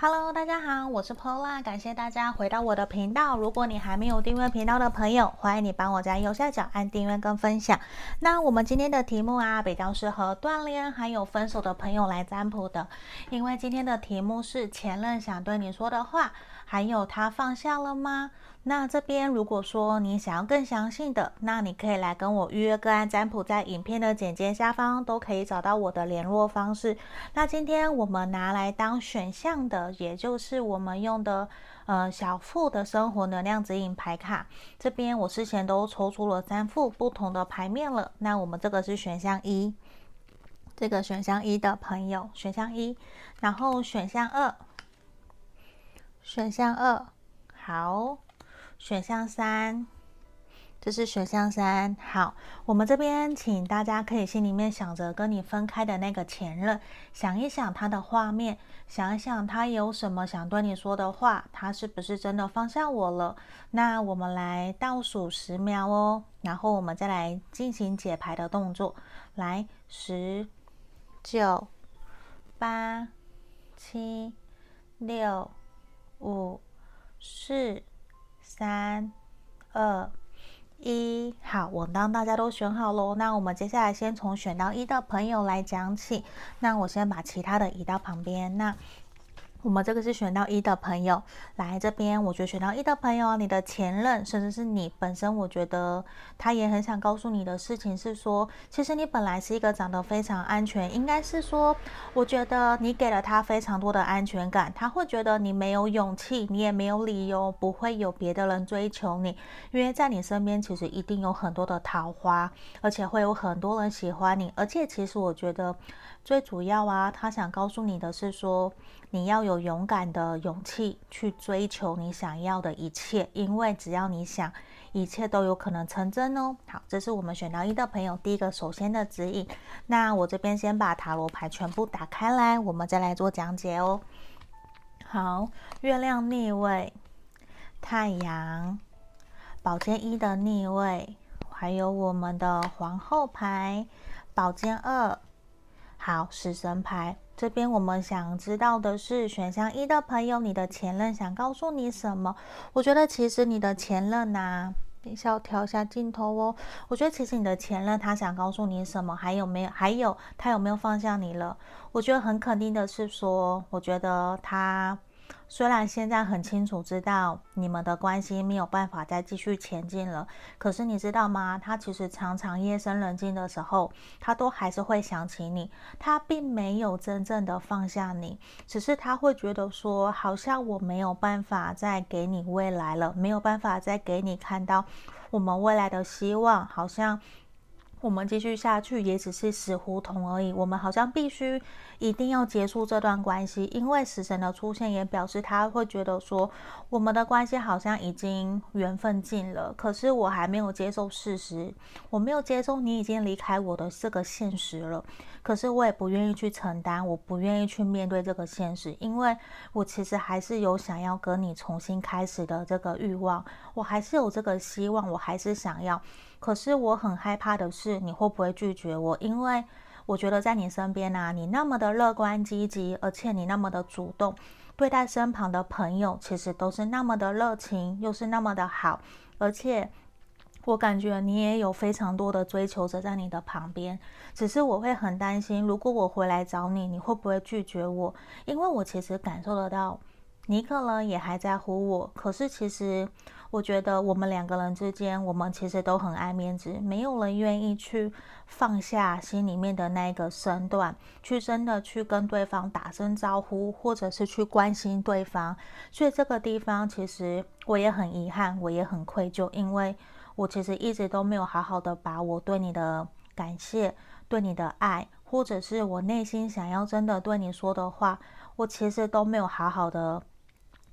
哈嘍，Hello, 大家好，我是 Paula，感謝大家回到我的頻道。如果你還沒有訂閱頻道的朋友，歡迎你幫我在右下角按訂閱跟分享。那我們今天的題目啊，比較適合斷聯還有分手的朋友來占卜的，因為今天的題目是前任想對你說的話，還有他放下了嗎？那這邊如果說你想要更詳細的，那你可以來跟我預約個案占卜，在影片的簡介下方都可以找到我的聯絡方式。那今天我們拿來當選項的，也就是我們用的呃小負的生活能量指引牌卡。這邊我之前都抽出了三副不同的牌面了。那我們這個是選項一，這個選項一的朋友，選項一，然後選項二，選項二，好。選項三，這是選項三。好，我們這邊請大家可以心裡面想着跟你分開的那個前任，想一想他的畫面，想一想他有什麼想對你說的話，他是不是真的放下我了？那我們來倒數十秒哦，然後我們再來進行解牌的動作。來，十、九、八、七、六、五、四。三、二、一，好，我當，大家都選好嘍。那我們接下來先從選到一的朋友來講起。那我先把其他的移到旁邊。那。我們這個是選到一的朋友來這邊，我覺得選到一的朋友啊，你的前任，甚至是你本身，我覺得他也很想告訴你的事情是說，其實你本來是一個長得非常安全，應該是說，我覺得你給了他非常多的安全感，他會覺得你沒有勇氣，你也沒有理由不會有別的人追求你，因為在你身邊其實一定有很多的桃花，而且會有很多人喜歡你，而且其實我覺得最主要啊，他想告訴你的是說，你要有勇敢的勇氣去追求你想要的一切，因為只要你想，一切都有可能成真哦。好，這是我們選到一的朋友第一個首先的指引。那我這邊先把塔羅牌全部打開來，我們再來做講解哦。好，月亮逆位，太陽，寶劍一的逆位，還有我們的皇後牌，寶劍二，好，死神牌。這邊我們想知道的是，選項一的朋友，你的前任想告訴你什麼？我覺得其實你的前任吶，你需要調一下鏡頭哦。我覺得其實你的前任他想告訴你什麼？還有沒有？還有他有沒有放下你了？我覺得很肯定的是說，我覺得他。雖然現在很清楚知道你們的關係沒有辦法再繼續前進了，可是你知道嗎？他其實常常夜深人靜的時候，他都還是會想起你。他並沒有真正的放下你，只是他會覺得說，好像我沒有辦法再給你未來了，沒有辦法再給你看到我們未來的希望，好像。我們繼續下去也只是死胡同而已。我們好像必須一定要結束這段關係，因為死神的出現也表示他會覺得說我們的關係好像已經緣分盡了。可是我還沒有接受事實，我沒有接受你已經離開我的這個現實了。可是我也不願意去承擔，我不願意去面對這個現實，因為我其實還是有想要跟你重新開始的這個慾望，我還是有這個希望，我還是想要。可是我很害怕的是你會不會拒絕我，因為我覺得在你身邊啊，你那麼的樂觀積極，而且你那麼的主動，對待身旁的朋友其實都是那麼的熱情，又是那麼的好，而且我感覺你也有非常多的追求者在你的旁邊，只是我會很擔心，如果我回來找你，你會不會拒絕我？因為我其實感受得到。你可能，也還在乎我，可是其實我覺得我們兩個人之間，我們其實都很愛面子，沒有人願意去放下心裡面的那個身段，去真的去跟對方打聲招呼，或者是去關心對方。所以這個地方，其實我也很遺憾，我也很愧疚，因為我其實一直都沒有好好的把我對你的感謝、對你的愛，或者是我內心想要真的對你說的話，我其實都沒有好好的。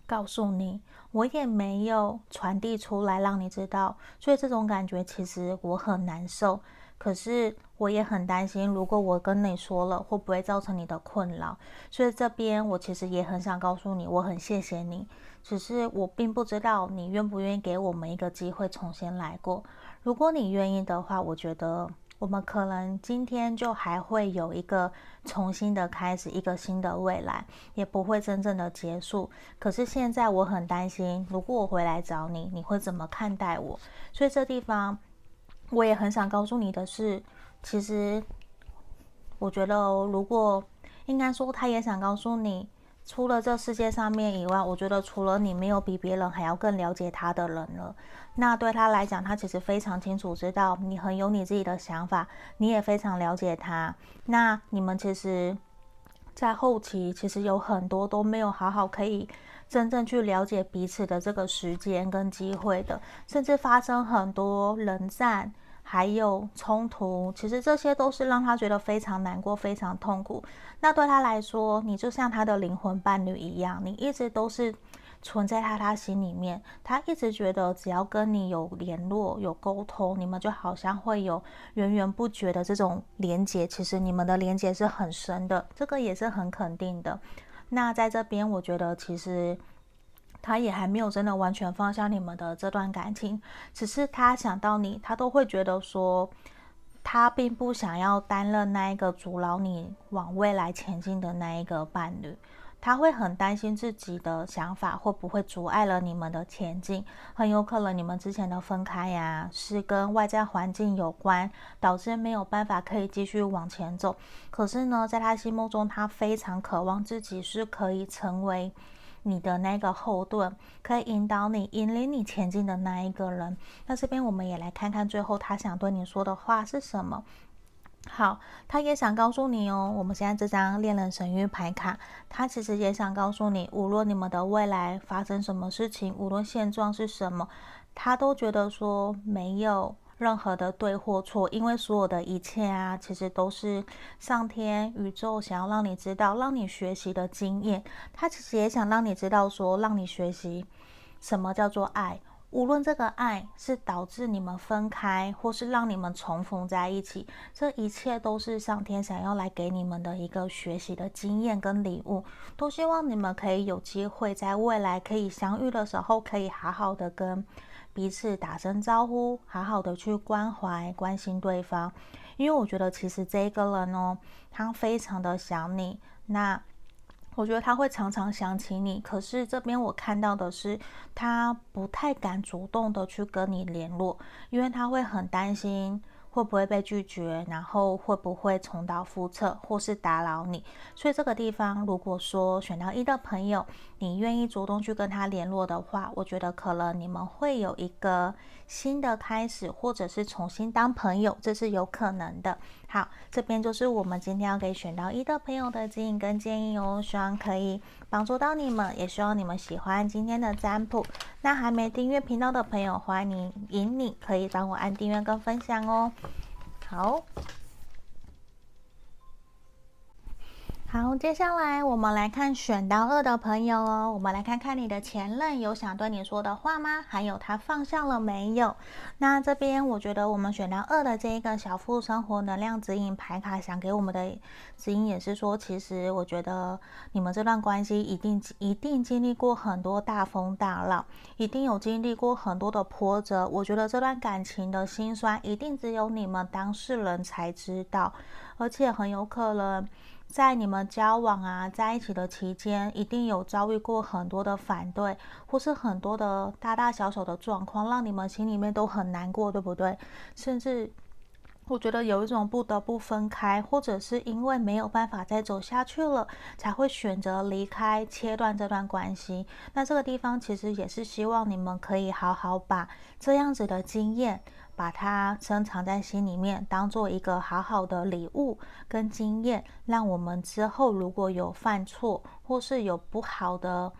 告訴你，我也沒有傳遞出來讓你知道，所以這種感覺其實我很難受。可是我也很擔心，如果我跟你說了，會不會造成你的困擾？所以這邊我其實也很想告訴你，我很謝謝你，只是我並不知道你願不願意給我們一個機會重新來過。如果你願意的話，我覺得。我們可能今天就還會有一個重新的開始，一個新的未來，也不會真正的結束。可是現在我很擔心，如果我回來找你，你會怎麼看待我？所以這地方，我也很想告訴你的是，其實我覺得哦，如果應該說，他也想告訴你。除了這世界上面以外，我覺得除了你，沒有比別人還要更了解他的人了。那對他來講，他其實非常清楚知道你很有你自己的想法，你也非常了解他。那你們其實，在後期其實有很多都沒有好好可以真正去了解彼此的這個時間跟機會的，甚至發生很多冷戰，還有衝突，其實這些都是讓他覺得非常難過、非常痛苦。那對他來說，你就像他的靈魂伴侶一樣，你一直都是存在他他心裡面。他一直覺得，只要跟你有聯絡、有溝通，你們就好像會有源源不絕的這種連接。其實你們的連接是很深的，這個也是很肯定的。那在這邊，我覺得其實。他也還沒有真的完全放下你們的這段感情，只是他想到你，他都會覺得說，他並不想要擔任那一個阻撓你往未來前進的那一個伴侶，他會很擔心自己的想法會不會阻礙了你們的前進。很有可能你們之前的分開呀、啊，是跟外在環境有關，導致沒有辦法可以繼續往前走。可是呢，在他心目中，他非常渴望自己是可以成為。你的那個後盾，可以引導你、引領你前進的那一個人。那這邊我們也來看看最後他想對你說的話是什麼。好，他也想告訴你哦，我們現在這張戀人神諭牌卡，他其實也想告訴你，無論你們的未來發生什麼事情，無論現狀是什麼，他都覺得說沒有。任何的對或錯，因為所有的一切啊，其實都是上天、宇宙想要讓你知道、讓你學習的經驗。他其實也想讓你知道說，說讓你學習什麼叫做愛。無論這個愛是導致你們分開，或是讓你們重逢在一起，這一切都是上天想要來給你們的一個學習的經驗跟禮物。都希望你們可以有機會在未來可以相遇的時候，可以好好的跟。彼此打聲招呼，好好的去關懷、關心對方，因為我覺得其實這一個人呢，他非常的想你。那我覺得他會常常想起你，可是這邊我看到的是，他不太敢主動的去跟你聯絡，因為他會很擔心。會不會被拒絕？然後會不會重蹈覆轍，或是打擾你？所以這個地方，如果說，選到一的朋友，你願意主動去跟他聯絡的話，我覺得可能你們會有一個新的開始，或者是重新當朋友，這是有可能的。好，這邊就是我們今天要給選到一的朋友的指引跟建議哦，希望可以幫助到你們，也希望你們喜歡今天的占卜。那還沒訂閱頻道的朋友，歡迎你可以幫我按訂閱跟分享哦。好。好，接下來我們來看選到二的朋友哦。我們來看看你的前任有想對你說的話嗎？還有他放下了沒有？那這邊我覺得我們選到二的這一個負能量生活指引牌卡，想給我們的指引也是說，其實我覺得你們這段關係一定一定經歷過很多大風大浪，一定有經歷過很多的波折。我覺得這段感情的辛酸，一定只有你們當事人才知道，而且很有可能。在你們交往啊，在一起的期間，一定有遭遇過很多的反對，或是很多的大大小小的狀況，讓你們心裡面都很難過，對不對？甚至我覺得有一種不得不分開，或者是因為沒有辦法再走下去了，才會選擇離開，切斷這段關係。那這個地方其實也是希望你們可以好好把這樣子的經驗，把它珍藏在心裡面，當做一個好好的禮物跟經驗，讓我們之後如果有犯錯或是有不好的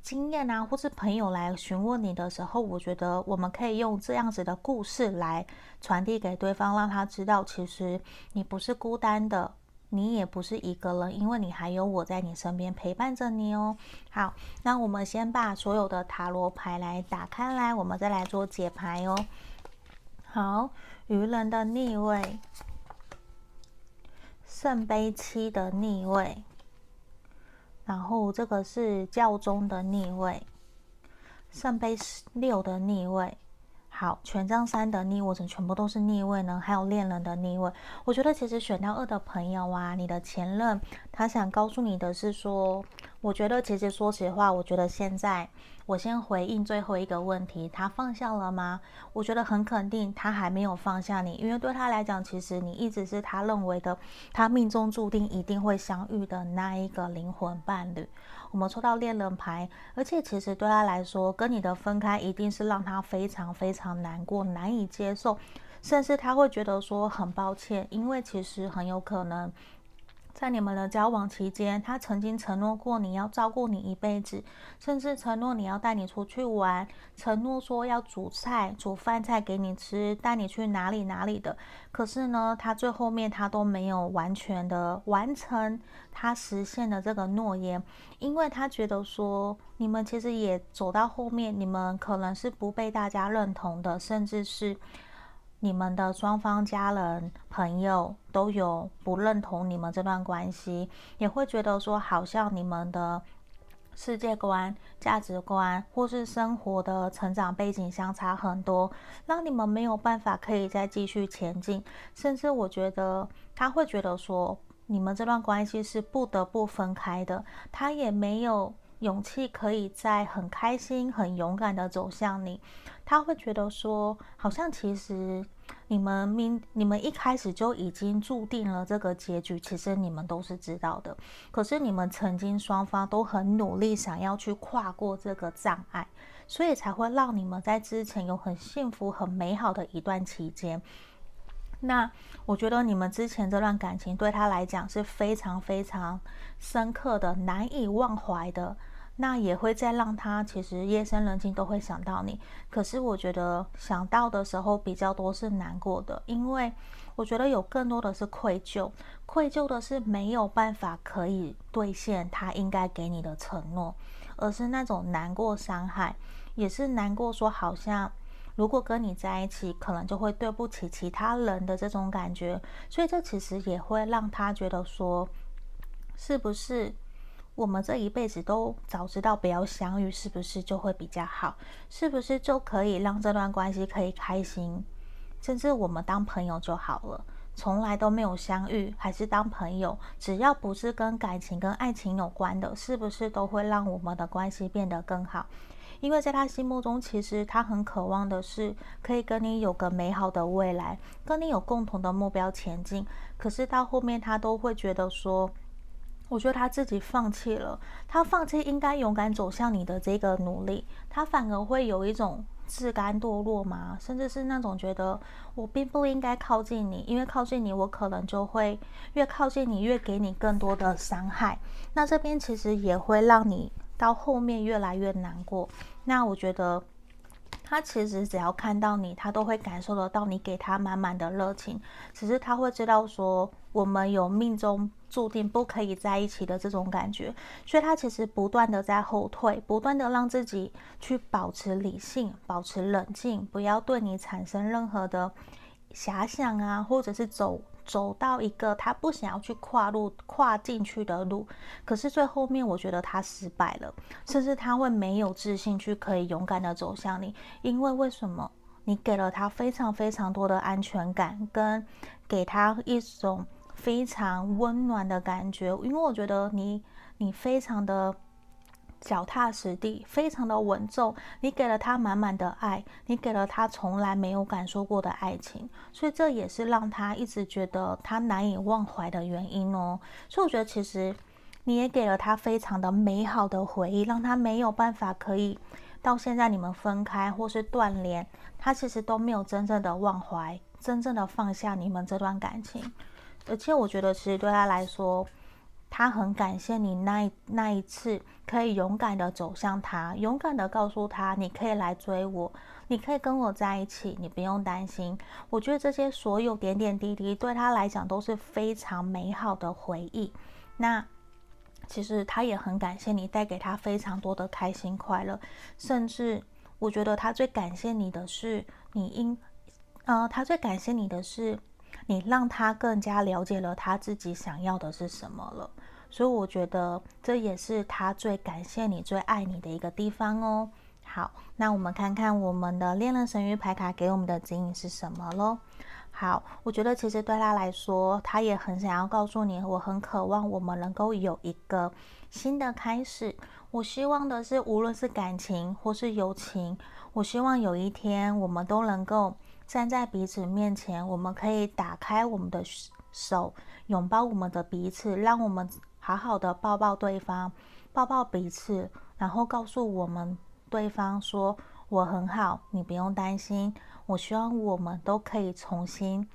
經驗啊，或是朋友來詢問你的時候，我覺得我們可以用這樣子的故事來傳遞給對方，讓他知道其實你不是孤單的，你也不是一個人，因為你還有我在你身邊陪伴着你哦。好，那我們先把所有的塔羅牌來打開來，我們再來做解牌哦。好，愚人的逆位，聖杯七的逆位，然後這個是教宗的逆位，聖杯六的逆位。好，權杖三的逆位，我怎麼全部都是逆位呢？還有戀人的逆位，我覺得其實選到二的朋友啊，你的前任，他想告訴你的是說。我覺得，其實說實話，我覺得現在我先回應最後一個問題，他放下了嗎？我覺得很肯定，他還沒有放下你，因為對他來講，其實你一直是他認為的他命中注定一定會相遇的那一個靈魂伴侶。我們抽到戀人牌，而且其實對他來說，跟你的分開一定是讓他非常非常難過、難以接受，甚至他會覺得說很抱歉，因為其實很有可能。在你們的交往期間，他曾經承諾過你要照顧你一輩子，甚至承諾你要帶你出去玩，承諾說要煮菜、煮飯菜給你吃，帶你去哪裡哪裡的。可是呢，他最後面他都沒有完全的完成他實現的這個諾言，因為他覺得說你們其實也走到後面，你們可能是不被大家認同的，甚至是。你們的雙方家人、朋友都有不認同你們這段關係，也會覺得說，好像你們的世界觀、價值觀或是生活的成長背景相差很多，讓你們沒有辦法可以再繼續前進。甚至我覺得他會覺得說，你們這段關係是不得不分開的。他也沒有。勇氣可以在很開心、很勇敢，的走向你，他會覺得說，好像其實你們明、你們一開始就已經注定了這個結局，其實你們都是知道的。可是你們曾經雙方都很努力，想要去跨過這個障礙，所以才會讓你們在之前有很幸福、很美好的一段期間。那我覺得你們之前這段感情對他來講是非常非常深刻的、難以忘懷的。那也會再讓他其實夜深人靜都會想到你。可是我覺得想到的時候比較多是難過的，因為我覺得有更多的是愧疚，愧疚的是沒有辦法可以兌現他應該給你的承諾，而是那種難過、傷害，也是難過，說好像。如果跟你在一起，可能就會對不起其他人的這種感覺，所以這其實也會讓他覺得說，是不是我們這一輩子都早知道不要相遇，是不是就會比較好？是不是就可以讓這段關係可以開心，甚至我們當朋友就好了，從來都沒有相遇，還是當朋友，只要不是跟感情、跟愛情有關的，是不是都會讓我們的關係變得更好？因為在他心目中，其實他很渴望的是可以跟你有個美好的未來，跟你有共同的目標前進。可是到後面，他都會覺得說，我覺得他自己放棄了，他放棄應該勇敢走向你的這個努力，他反而會有一種自甘墮落嘛，甚至是那種覺得我並不應該靠近你，因為靠近你，我可能就會越靠近你越給你更多的傷害。那這邊其實也會讓你到後面越來越難過，那我覺得他其實只要看到你，他都會感受得到你給他滿滿的熱情，只是他會知道說我們有命中注定不可以在一起的這種感覺，所以他其實不斷的在後退，不斷的讓自己去保持理性，保持冷靜，不要對你產生任何的遐想啊，或者是走。走到一個他不想要去跨入、跨進去的路，可是最後面我覺得他失敗了，甚至他會沒有自信去可以勇敢的走向你，因為為什麼？你給了他非常非常多的安全感，跟給他一種非常溫暖的感覺，因為我覺得你你非常的。腳踏實地，非常的穩重。你給了他滿滿的愛，你給了他從來沒有感受過的愛情，所以這也是讓他一直覺得他難以忘懷的原因哦。所以我覺得其實你也給了他非常的美好的回憶，讓他沒有辦法可以到現在你們分開或是斷聯，他其實都沒有真正的忘懷，真正的放下你們這段感情。而且我覺得其實對他來說。他很感謝你那一那一次可以勇敢的走向他，勇敢的告訴他，你可以來追我，你可以跟我在一起，你不用擔心。我覺得這些所有點點滴滴對他來講都是非常美好的回憶。那其實他也很感謝你帶給他非常多的開心快樂，甚至我覺得他最感謝你的是你應呃，他最感謝你的是你讓他更加了解了他自己想要的是什麼了。所以我覺得這也是他最感謝你、最愛你的一個地方哦。好，那我們看看我們的戀人神諭牌卡給我們的指引是什麼嘍？好，我覺得其實對他來說，他也很想要告訴你，我很渴望我們能夠有一個新的開始。我希望的是，無論是感情或是友情，我希望有一天我們都能夠站在彼此面前，我們可以打開我們的手，擁抱我們的彼此，讓我們。好好的抱抱對方，抱抱彼此，然後告訴我們對方說：“我很好，你不用擔心。”我希望我們都可以重新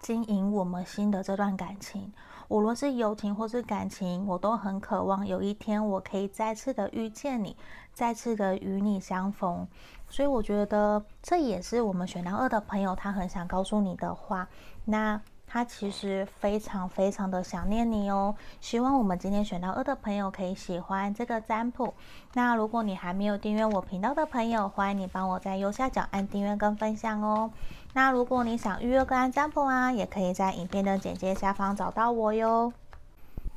經營我們新的這段感情。無論是友情或是感情，我都很渴望有一天我可以再次的遇見你，再次的與你相逢。所以我覺得這也是我們選到二的朋友他很想告訴你的話。那。他其實非常非常的想念你哦，希望我們今天選到二的朋友可以喜歡這個占卜。那如果你還沒有訂閱我頻道的朋友，歡迎你幫我在右下角按訂閱跟分享哦。那如果你想預約個案占卜啊，也可以在影片的簡介下方找到我喲。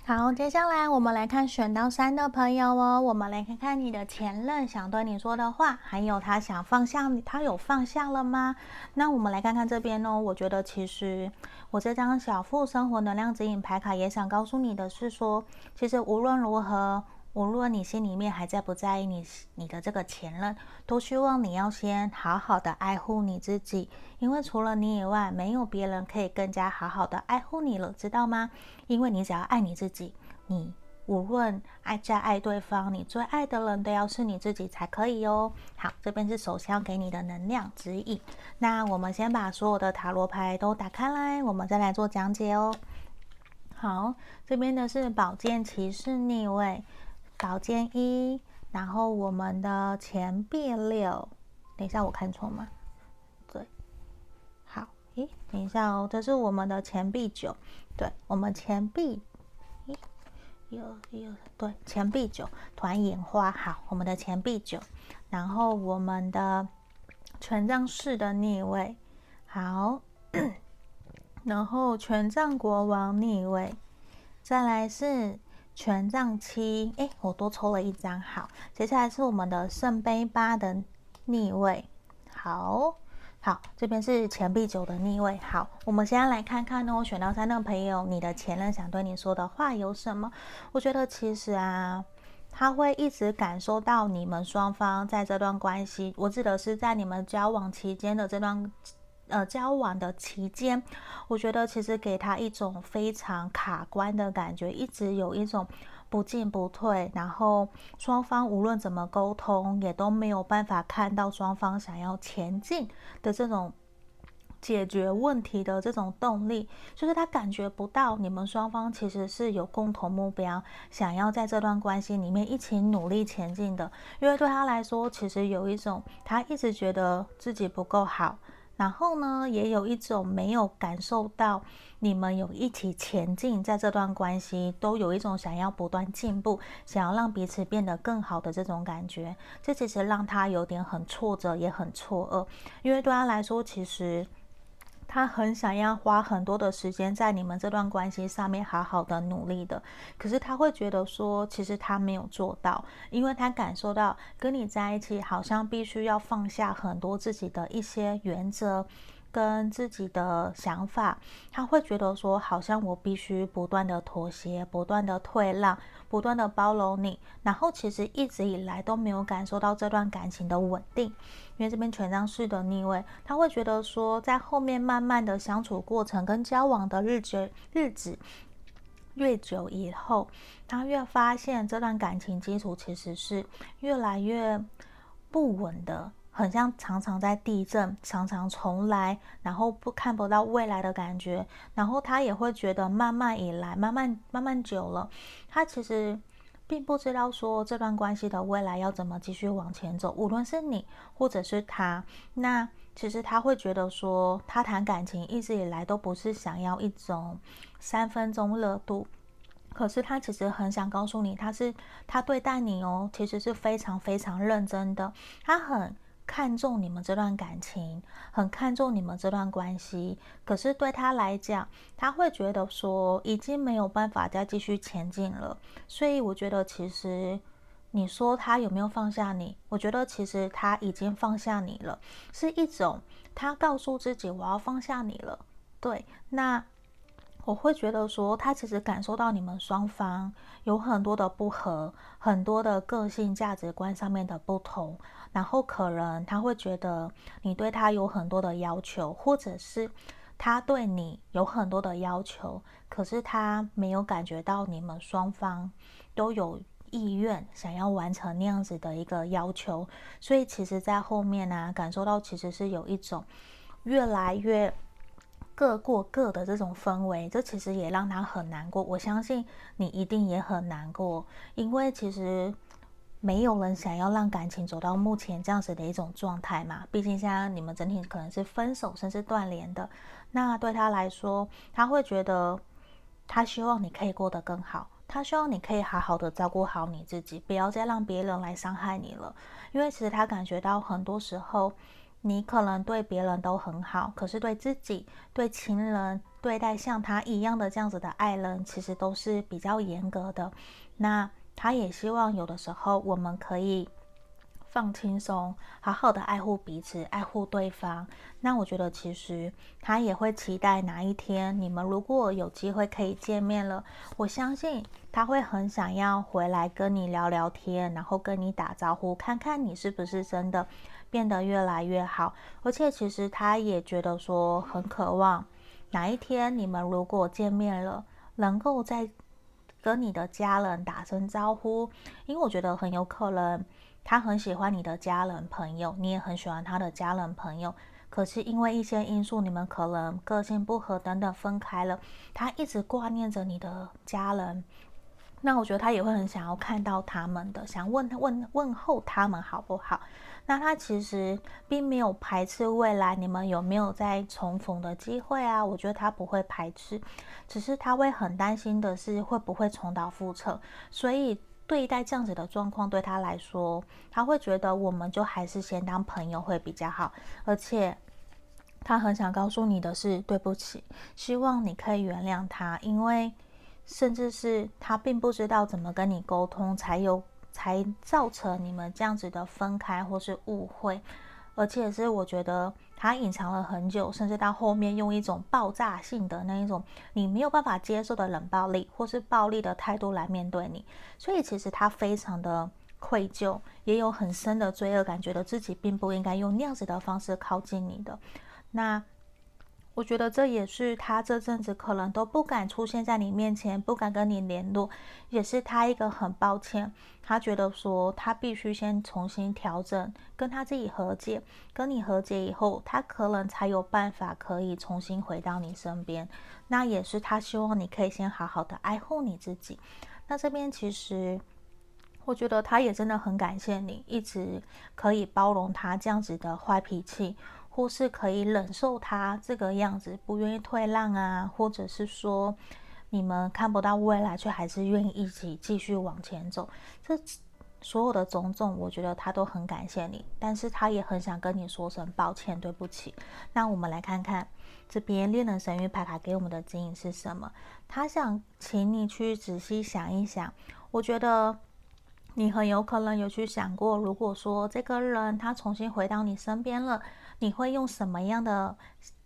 好，接下來我們來看選到三的朋友哦。我們來看看你的前任想對你說的話，還有他想放下，他有放下了嗎？那我們來看看這邊哦。我覺得其實我這張小富生活能量指引牌卡也想告訴你的是說，其實無論如何。無論你心裡面還在不在意你，你的這個前任，都希望你要先好好的愛護你自己，因為除了你以外，沒有別人可以更加好好的愛護你了，知道嗎？因為你只要愛你自己，你無論愛再愛對方，你最愛的人都要是你自己才可以哦。好，這邊是手相給你的能量指引。那我們先把所有的塔羅牌都打開來，我們再來做講解哦。好，這邊的是寶劍騎士逆位。寶劍一，然後我們的錢幣六，等一下我看錯嗎？對，好，誒，等一下哦，這是我們的錢幣九，對，我們錢幣，咦，有有，對，錢幣九團眼花，好，我們的錢幣九，然後我們的權杖四的逆位，好，然後權杖國王逆位，再來是。權杖七，誒、欸，我多抽了一張，好。接下來是我們的聖杯八的逆位，好好，這邊是錢幣九的逆位，好。我們先來看看呢、哦，我選到三的朋友，你的前任想對你說的話有什麼？我覺得其實啊，他會一直感受到你們雙方在這段關係，我指的是在你們交往期間的這段。呃，交往的期間，我覺得其實給他一種非常卡關的感覺，一直有一種不進不退，然後雙方無論怎麼溝通，也都沒有辦法看到雙方想要前進的這種解決問題的這種動力，就是他感覺不到你們雙方其實是有共同目標，想要在這段關係裡面一起努力前進的，因為對他來說，其實有一種他一直覺得自己不夠好。然後呢，也有一種沒有感受到你們有一起前進，在這段關係都有一種想要不斷進步，想要讓彼此變得更好的這種感覺。這其實讓他有點很挫折，也很錯愕，因為對他來說，其實。他很想要花很多的時間在你們這段關係上面，好好的努力的。可是他會覺得說，其實他沒有做到，因為他感受到跟你在一起，好像必須要放下很多自己的一些原則。跟自己的想法，他會覺得說，好像我必須不斷的妥協，不斷的退讓，不斷的包容你，然後其實一直以來都沒有感受到這段感情的穩定，因為這邊權杖四的逆位，他會覺得說，在後面慢慢的相處過程跟交往的日子日子越久以後，他越發現這段感情基礎其實是越來越不穩的。很像常常在地震，常常重來，然後不看不到未來的感覺，然後他也會覺得慢慢以來，慢慢慢慢久了，他其實並不知道說這段關係的未來要怎麼繼續往前走，無論是你或者是他，那其實他會覺得說他談感情一直以來都不是想要一種三分鐘熱度，可是他其實很想告訴你，他是他對待你哦，其實是非常非常認真的，他很。看重你們這段感情，很看重你們這段關係。可是對他來講，他會覺得說已經沒有辦法再繼續前進了。所以我覺得，其實你說他有沒有放下你？我覺得其實他已經放下你了，是一種他告訴自己我要放下你了。對，那我會覺得說他其實感受到你們雙方有很多的不合，很多的個性價值觀上面的不同。然後可能他會覺得你對他有很多的要求，或者是他對你有很多的要求，可是他沒有感覺到你們雙方都有意願想要完成那樣子的一個要求，所以其實，在後面呢、啊，感受到其實是有一種越來越各過各的這種氛圍，這其實也讓他很難過。我相信你一定也很難過，因為其實。沒有人想要讓感情走到目前這樣子的一種狀態嘛。畢竟現在你們整體可能是分手甚至斷聯的，那對他來說，他會覺得他希望你可以過得更好，他希望你可以好好的照顧好你自己，不要再讓別人來傷害你了。因為其實他感覺到很多時候，你可能對別人都很好，可是對自己、對情人、對待像他一樣的這樣子的愛人，其實都是比較嚴格的。那。他也希望有的時候我們可以放輕鬆，好好的愛護彼此，愛護對方。那我覺得其實他也會期待哪一天你們如果有機會可以見面了，我相信他會很想要回來跟你聊聊天，然後跟你打招呼，看看你是不是真的變得越來越好。而且其實他也覺得說很渴望哪一天你們如果見面了，能夠在跟你的家人打聲招呼，因為我覺得很有可能，他很喜歡你的家人朋友，你也很喜歡他的家人朋友。可是因為一些因素，你們可能個性不合等等分開了，他一直掛念着你的家人，那我覺得他也會很想要看到他們的，想問問問候他們好不好？那他其實並沒有排斥未來你們有沒有再重逢的機會啊？我覺得他不會排斥，只是他會很擔心的是會不會重蹈覆轍。所以對待這樣子的狀況，對他來說，他會覺得我們就還是先當朋友會比較好。而且他很想告訴你的是，對不起，希望你可以原諒他，因為甚至是他並不知道怎麼跟你溝通才有。才造成你們這樣子的分開或是誤會，而且是我覺得他隱藏了很久，甚至到後面用一種爆炸性的那一種你沒有辦法接受的冷暴力或是暴力的態度來面對你，所以其實他非常的愧疚，也有很深的罪惡感，覺得自己並不應該用那樣子的方式靠近你的，那。我覺得這也是他這陣子可能都不敢出現在你面前，不敢跟你聯絡，也是他一個很抱歉。他覺得說他必須先重新調整，跟他自己和解，跟你和解以後，他可能才有辦法可以重新回到你身邊。那也是他希望你可以先好好的愛護你自己。那這邊其實我覺得他也真的很感謝你，一直可以包容他這樣子的壞脾氣。或是可以忍受他這個樣子，不願意退讓啊，或者是說你們看不到未來，卻還是願意一起繼續往前走，這所有的種種，我覺得他都很感謝你，但是他也很想跟你說聲抱歉，對不起。那我們來看看這邊戀人神諭牌卡給我們的指引是什麼？他想請你去仔細想一想，我覺得你很有可能有去想過，如果說這個人他重新回到你身邊了。你會用什麼樣的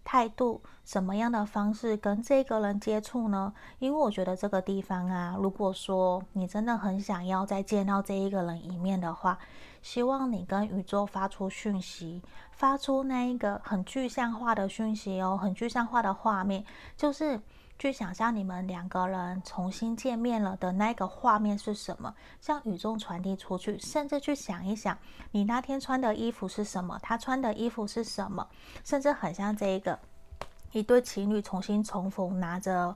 態度、什麼樣的方式跟這個人接觸呢？因為我覺得這個地方啊，如果說你真的很想要再見到這一個人一面的話，希望你跟宇宙發出訊息，發出那一個很具象化的訊息哦，很具象化的畫面，就是。去想象你們兩個人重新見面了的那個畫面是什麼，向宇宙傳遞出去，甚至去想一想你那天穿的衣服是什麼，他穿的衣服是什麼，甚至很像這一個一對情侶重新重逢，拿着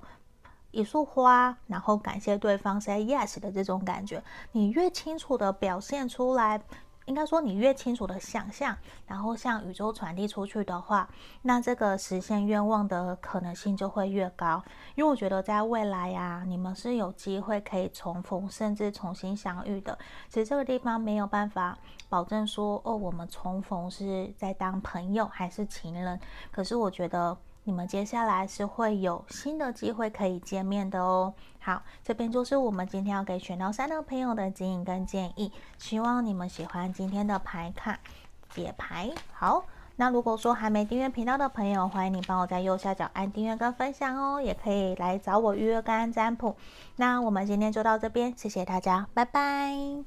一束花，然後感謝對方，say yes 的這種感覺，你越清楚的表現出來。應該說，你越清楚的想象，然後向宇宙傳遞出去的話，那這個實現願望的可能性就會越高。因為我覺得，在未來呀、啊，你們是有機會可以重逢，甚至重新相遇的。其實這個地方沒有辦法保證說，哦，我們重逢是在當朋友還是情人。可是我覺得。你們接下來是會有新的機會可以見面的哦。好，這邊就是我們今天要給選到三的朋友的指引跟建議，希望你們喜歡今天的牌卡解牌。好，那如果說還沒訂閱頻道的朋友，歡迎你幫我在右下角按訂閱跟分享哦，也可以來找我預約個案占卜。那我們今天就到這邊，謝謝大家，拜拜。